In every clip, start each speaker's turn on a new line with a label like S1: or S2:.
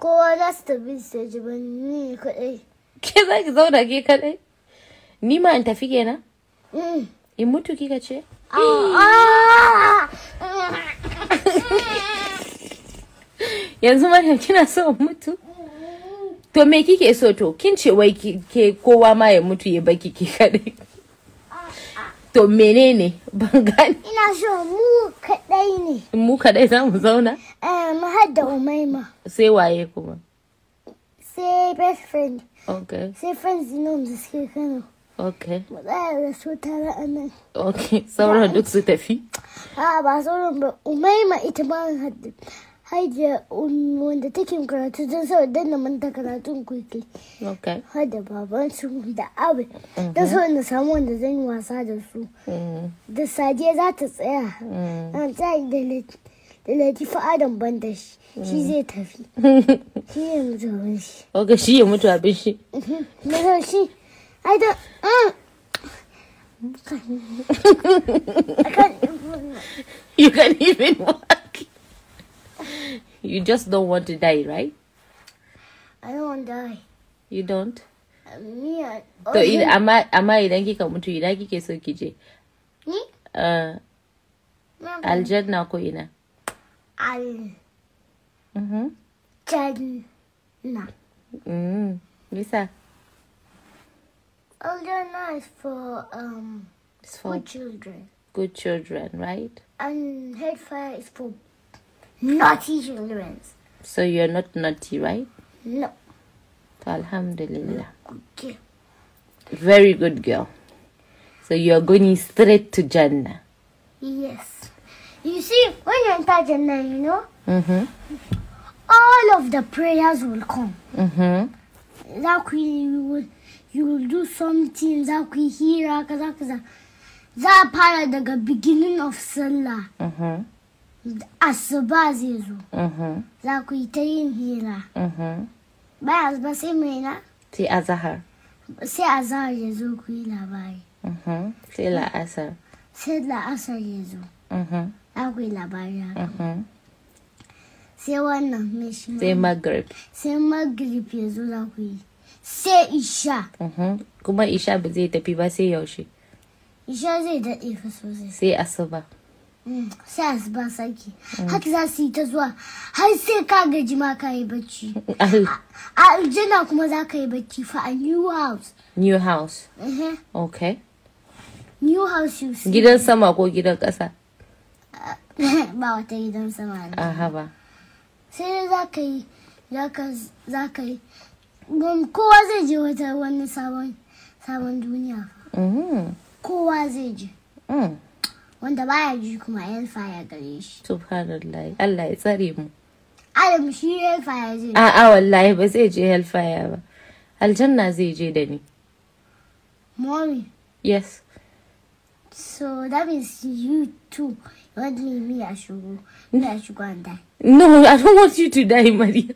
S1: kowa za su tafi su ji bani ni kadai ke za ki zauna ke kadai ni ma in tafi kenan mm. in mutu kika ce yanzu mana kina so in mutu to me kike so to kin ce wai ke kowa ma ya mutu ya baki ke kadai To menene ban gani?
S2: Ina so mu kadai ne.
S1: Mu kadai za mu zauna?
S2: Eh, mu hadda Umaima.
S1: Sai waye kuma?
S2: Sai best friend. Okay. Sai friends nom da suke Kano. Okay. Mu tsaya da su tare a nan.
S1: Okay, sauran duk su tafi?
S2: A'a ba sauran ba, Umaima ita ba hadda. hajiya wanda take karatu don saboda danna manta karatun quickly har da baban su da abin don saboda na samu wanda zan yi wasa da su mm-hmm. da sadiya za ta tsaya mm-hmm. na tsayi da latifa adam ban da shi shi mm-hmm. zai tafi shi ya mutu abin shi
S1: ok shi ya mutu shi
S2: na shi ai da mm.
S1: can you just don't want to die, right?
S2: I don't want to die. You don't? Uh, me, I, to idan
S1: amma amma idan kika mutu idan kike so ki je? Ni? Uh,
S2: aljanna ko ina? Al. Mhm. Janna.
S1: Mm. Mm-hmm. Lisa.
S2: Aljanna is for um it's for good children.
S1: Good children, right?
S2: And headfire is for naughty children.
S1: So you're not naughty, right? No. Alhamdulillah. Okay. Very good girl. So you're going straight to Jannah.
S2: Yes. You see, when you enter Jannah, you know, mm -hmm. all of the prayers will come. Mm -hmm. That we you will you will do something that we hear, that part of the beginning of Salah. Mm -hmm. asuba zai zo mhm. za ku yi ta yin hira Mhm. ba sai mai na
S1: sai azahar
S2: sai azahar ya zo ku yi labari
S1: mhm. sai la'asar
S2: sai la'asar ya zo mhm. za ku yi labari haka sai wannan me shi sai magrib sai magrib ya zo za ku yi sai isha
S1: kuma isha ba zai tafi ba sai yaushe
S2: isha zai daɗe ka sosai sai asuba Hmm, sai asuba sake haka za su yi ta zuwa har sai ka gaji ma ka yi bacci a aljana kuma za ka yi bacci fa a new house
S1: new house uh-huh. okay
S2: new house you see gidan
S1: sama ko gidan ƙasa
S2: ba wata gidan sama ne aha ba sai za ka yi za ka yi kowa zai je wata wani sabon duniya mm-hmm. kowa zai je mm. wanda baya ji kuma yan faya gare shi
S1: subhanallah Allah ya tsare mu
S2: Adam shi yan faya zai a'a
S1: wallahi ba zai je hellfire ba aljanna zai je da ni mommy yes
S2: so that means you too you want me I should go me I should go and die
S1: no I don't want you to die Maria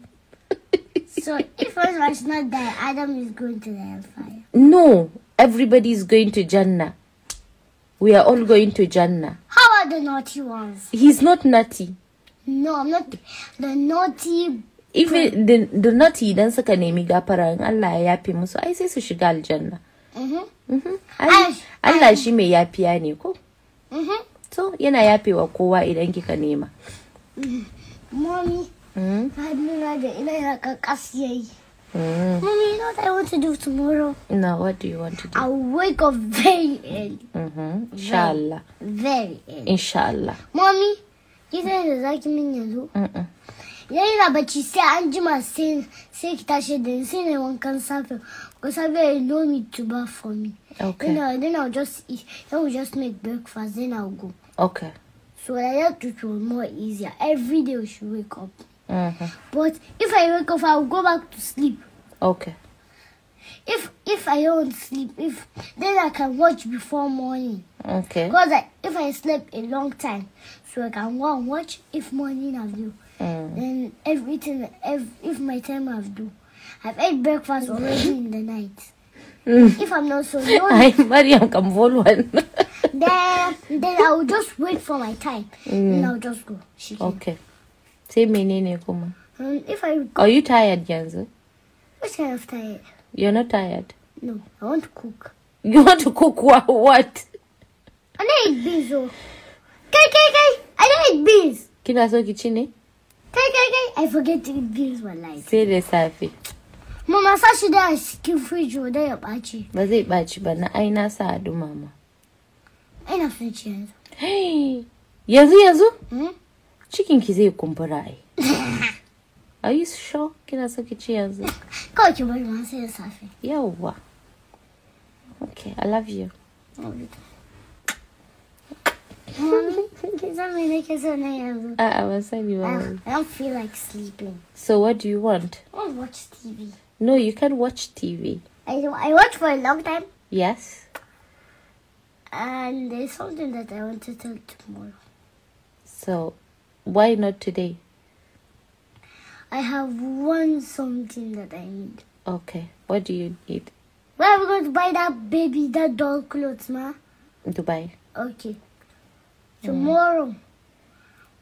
S2: so if I was not die Adam is going to the hellfire
S1: no everybody is going to Jannah We are all going to Jannah.
S2: How are the naughty ones?
S1: He's not naughty.
S2: No, I'm not the naughty. If
S1: the, the naughty idan suka nemi gafara Allah ya yafe musu ai sai su shiga aljanna. Mhm. Mhm. Allah shi mai yafiya ne ko?
S2: Mhm. So
S1: yana yafewa kowa idan kika nema.
S2: Mm-hmm. Mommy. Mhm. Hannuna da ina ka kas yayi. Mm. Mommy, you know what I want to do tomorrow? No, what do you want to do? I'll wake up very early. Mm-hmm. Inshallah. Very, very early.
S1: Inshallah.
S2: Mommy, you said da zaki min Yeah, Mm-mm. Laila bacci sai an jima sai sai ki tashi da sai ne wankan safe. Because I very know me to bath for me. Okay. Then, I, then I'll just eat. Then I'll just make breakfast. Then I'll go. Okay. So I have to do more easier. Every day we should wake up. Mm-hmm. But if I wake up, I'll go back to sleep. Okay. If if I don't sleep, if then I can watch before morning. Okay. Because I, if I sleep a long time, so I can go and watch if morning I do. Mm. Then everything, if if my time I've do, I've ate breakfast already in the night. Mm. If I'm not so lonely, I
S1: Mariam can follow one.
S2: then then I will just wait for my time, mm. and I'll just go. She okay.
S1: Say name, kuma.
S2: Um, if I. Go,
S1: Are you tired, Janzo?
S2: What kind of tired?
S1: You're not tired?
S2: No, I want to cook.
S1: You want to cook what? what?
S2: I don't eat beans though.
S1: Kai, kai, kai. I don't eat beans. Kina so kichini?
S2: Kai, kai, kai. I forget to eat beans one life.
S1: Say the safi.
S2: Mama sa shida a cikin fridge wa dai ya ɓaci.
S1: Ba bachi, but ba na ai na sa adu mama.
S2: Ina fridge yanzu. Hey,
S1: Yazu, yazu? Hmm? Cikin ki zai kumbura ai. aisho kina saki yanzu kawai ki bari ma sai da safe yawwa okay i love you A'a ban sani ba.
S2: I don't feel like sleeping. So what
S1: do you want?
S2: I want to watch TV.
S1: No, you can watch TV.
S2: I I watch for a long time. Yes. And there's something that I want to tell tomorrow.
S1: So, why not today?
S2: I have one something that I need.
S1: Okay. What do you need?
S2: Where are we going to buy that baby, that doll clothes, ma? Dubai. Okay. Mm.
S1: Tomorrow,
S2: mm.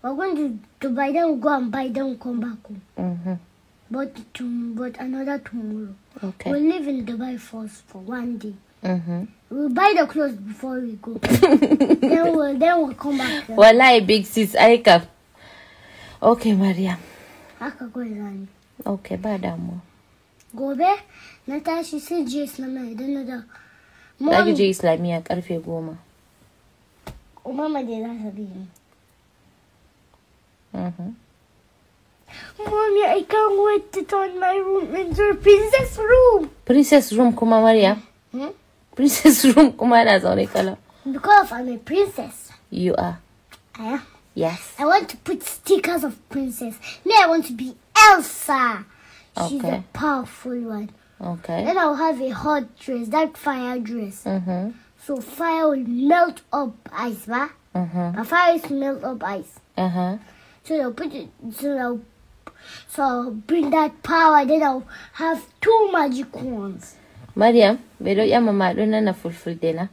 S2: we're going to Dubai, then we'll go and buy, them. come back home. Mm-hmm. But, to, but another tomorrow. Okay. We'll live in Dubai first for one day. Mm-hmm. We'll buy the clothes before we go. then, we'll, then we'll come back. Walai,
S1: big sis, Aika. Okay, Maria.
S2: haka kawai zani
S1: ok ba damuwa
S2: gobe na tashi sai je islamiyya idan na da
S1: za ki je islamiyya karfe goma
S2: dai za ta bi ni mhm. Mommy, I can't wait to turn my room into a princess room.
S1: Princess room kuma Maria? Hmm? Princess room kuma yana zaune kala.
S2: Because I'm a princess. You are. I am. Yes. I want to put stickers of princess. Me, I want to be Elsa. She's a powerful one. Okay. Then I'll have a hot dress, that fire dress. Mm-hmm. So fire will melt up ice, ma. Mm-hmm. But fire is melt up ice. Uh huh. So i will put it, so i will so I'll bring that power, then I'll have two magic wands.
S1: Mariam, bedo ya mama dona na fulfil dena.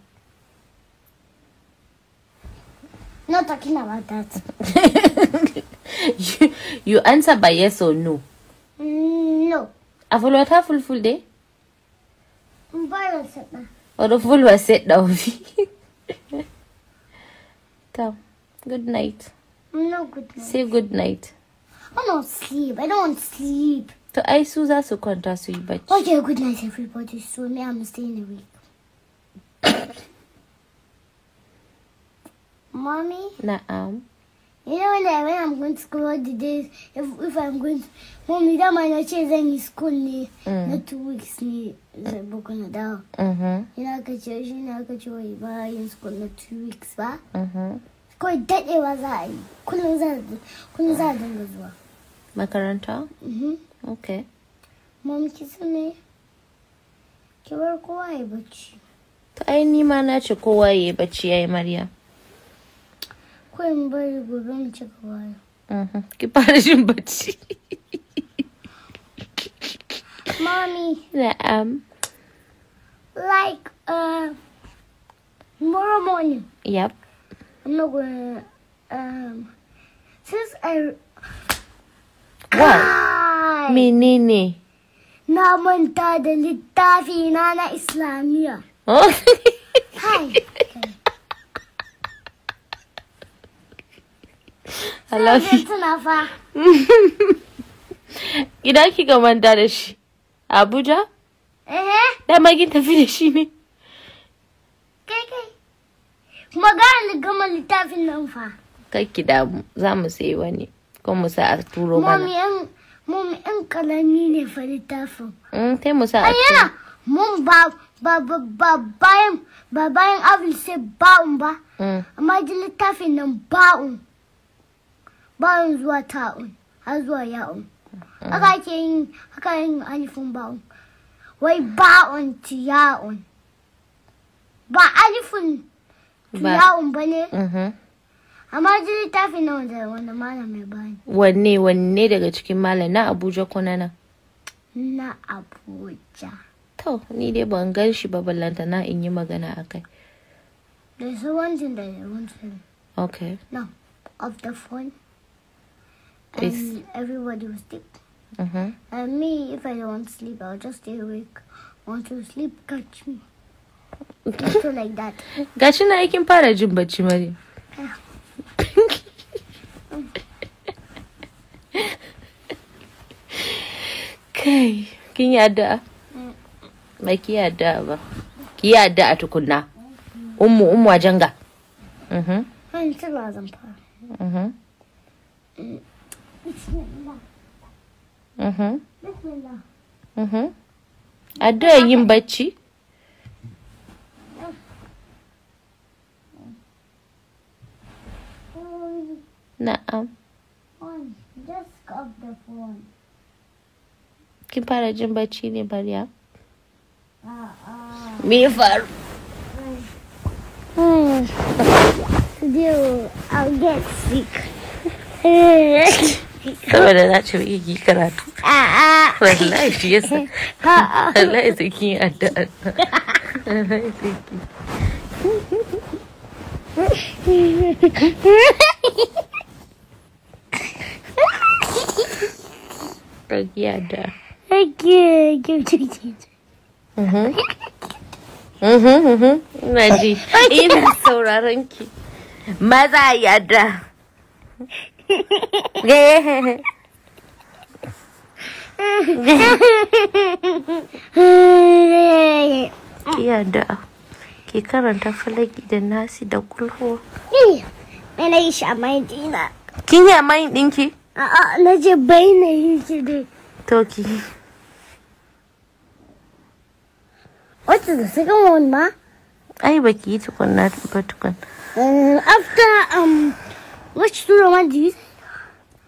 S2: Not talking about that.
S1: you, you answer by yes or no.
S2: Mm, no.
S1: her full full day?
S2: Mbaya setna.
S1: Orofulwa set down. Come. Good night.
S2: No good night. Say good night. I don't sleep. I don't sleep.
S1: So I Susa so contrast with you, but
S2: okay. Good night, everybody. So me, I'm staying awake. Mommy? Na'am. You know, like when I'm going to school all the days, if, if I'm going to, mommy, that man, I change any school ne, mm. na two weeks ne, zai boko na dawo. Ina ka ce shi na ka ce wai ba yin school na two weeks ba. Kawai daɗewa za a yi, kullum za a
S1: Makaranta? Mm-hmm. Ok.
S2: Mom, ki ne? Ki bar kowa ya bacci.
S1: Ta ai ni ma na ce kowa ya bacci ya yi Maryam.
S2: 왼발이 무릎치가 와요.
S1: Uh-huh. Que para de bater.
S2: Mommy. Yeah, um. Like, uh, tomorrow morning. Yep. I'm not gonna, uh, um, since I. What? Ay. Menene. Na manta da littafi na na Islamiyya. Oh. Hi. Okay. I love you.
S1: Gida kika manta da shi. Abuja? Eh. Dama kin tafi da shi ne.
S2: Kai kai. Kuma ga ni gama littafin nan fa.
S1: Kai ki mu za mu sai wani. Ko mu sa a turo mana. Mami
S2: an mami an kalami ne fa littafin.
S1: Mm, sai mu sa a turo.
S2: Mun ba ba ba bayan ba bayan abin sai ba'un ba. Mm. Amma ji littafin nan ba'un. bayan zuwa ta'un har zuwa ya'un haka ke yin haka yin alifin ba'un wai ba'un ya'un ba alifin ya'un ba ne mm-hmm. amma ta fi na wanda wanda malam mai bani
S1: wanne wanne daga cikin malam na abuja ko na
S2: na abuja
S1: to ni dai ban gan shi ba ballanta na in yi magana a kai
S2: da su wancan da ya want ok okay no of the phone and um, everybody was sleep. Mm-hmm. And me, if I don't sleep, I'll just stay awake. Want to sleep, catch me. so like that. Gashi
S1: na aikin fara jin bacci mari. Kai, kin yi addu'a? Ba ki yi addu'a ba. Ki yi addu'a tukunna. Ummu, ummu a janga. Mhm.
S2: Hanci ba zan fara.
S1: Mhm. addu'a yin bacci na'am kin fara jin bacci ne Maryam
S2: me ya ah, ah. saboda za ta iya yi karatu
S1: wallahi shi yasa wallahi sai kin
S2: wallahi sai Bagi ada. Bagi, Mhm.
S1: Mhm, mhm. ki. Maza yadda.
S2: Kiya da
S1: ke karanta falaki da nasi da kulho.
S2: Me na yi shi a mayin dina. Kin yi a mayin ɗinki? A'a, na je bai na ki dai. Toki. Wacce da su gama wani
S1: ma? Ai, ba ki yi tukun na tukun.
S2: Eh, after, um, which tournament do you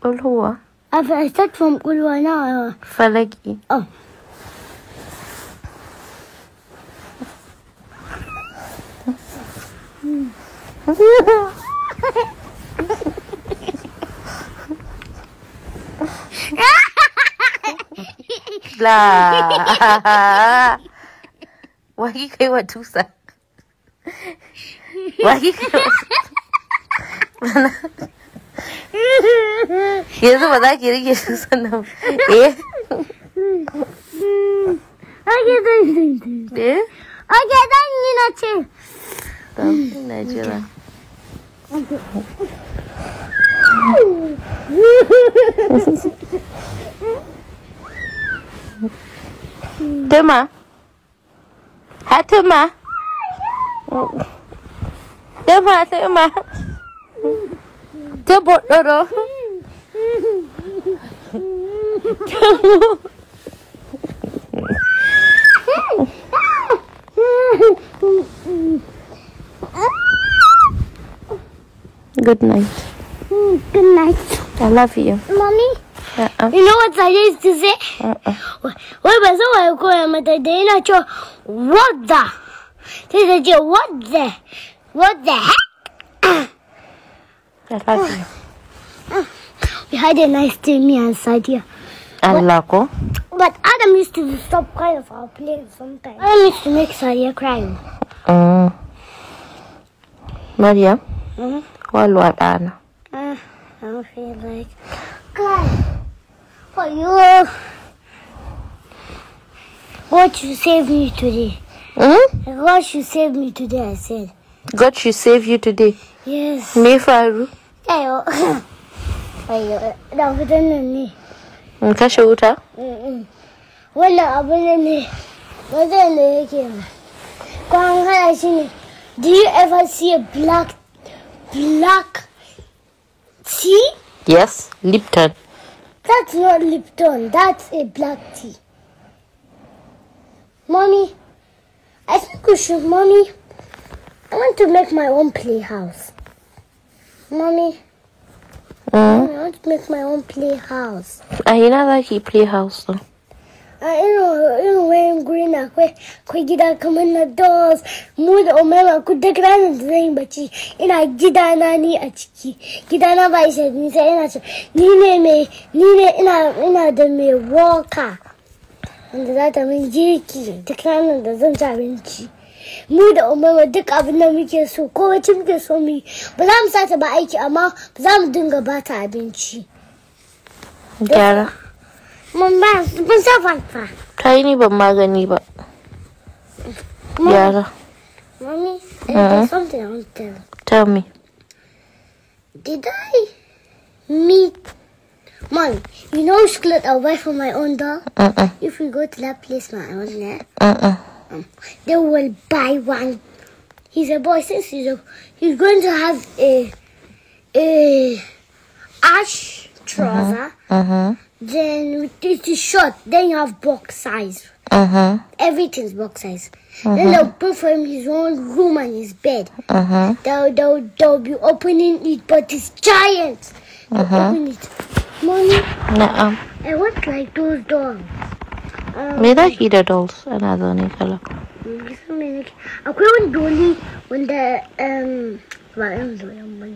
S2: قول هو أفأستكفهم قول وانا فلقي أه لا
S1: وهي كي وتوسع وهي كي Yazı bana geri geçti sanırım. E?
S2: Hakikaten yine açı. E? Hakikaten yine açı. Tamam yine açı lan.
S1: Tuma. Ha Tuma. Tuma Tuma. Tuma Tuma. Good night. Good night. I love you.
S2: Mommy? Uh -uh. You know what I used to say? Wewe sawa yuko matadena cho what the? This is what the? What the heck? I love you. We had a nice day, me and Sadia and Loco. But Adam used to stop crying for our playing sometimes. Adam used to make Sadia crying.
S1: Mm. Maria, mm -hmm. what do Anna?
S2: Uh, I don't feel like God. for you. God, you saved me today. Mm? God, you saved me today, I said.
S1: God, you saved you today? Yes. Me, Faru?
S2: Yeah, you. Now, we don't know me
S1: in kashe wuta?
S2: wannan ne wajen da yake ko an hana do you ever see a black black tea?
S1: yes lipton
S2: that's not lipton that's a black tea mommy i think we should mommy i want to make my own playhouse mommy uh, I want to make my own playhouse.
S1: I ah, know like a playhouse though.
S2: I know, I know, wearing green, I akwai akwai gida kamar na dolls. Mu da Umaru ku duk ranar da zan yi bacci ina gida na ni a ciki. Gida na ba isa nisa ina ce ni ne mai ni ne I ina da me walker And za ta min girki duk ranar da zan ci abinci. Muda da umarwa duk abin da muke so ko wacce muke so mu yi ba za mu sa ta ba aiki amma ba za mu dinga ba ta abinci gyara mun ba mun sa fanfa
S1: ta yi ni ban magani ba
S2: gyara Mommy, eh, mm-hmm. there's something I want to tell. Tell me. Did I meet Mom, you know, split away from my own dog. Uh -uh. If we go to that place, man, I wasn't there. Uh um, they will buy one. He's a boy since he's a, he's going to have a a ash trouser. Uh huh. Uh-huh. Then it is short. Then you have box size. Uh huh. Everything's box size. Uh-huh. Then they'll put for him his own room and his bed. Uh huh. They'll, they'll, they'll be opening it, but it's giant. Uh huh. Open it. Mommy. No. I want like those dogs. me za ki da dolls ana
S1: zaune kala
S2: akwai wani wanda um, yan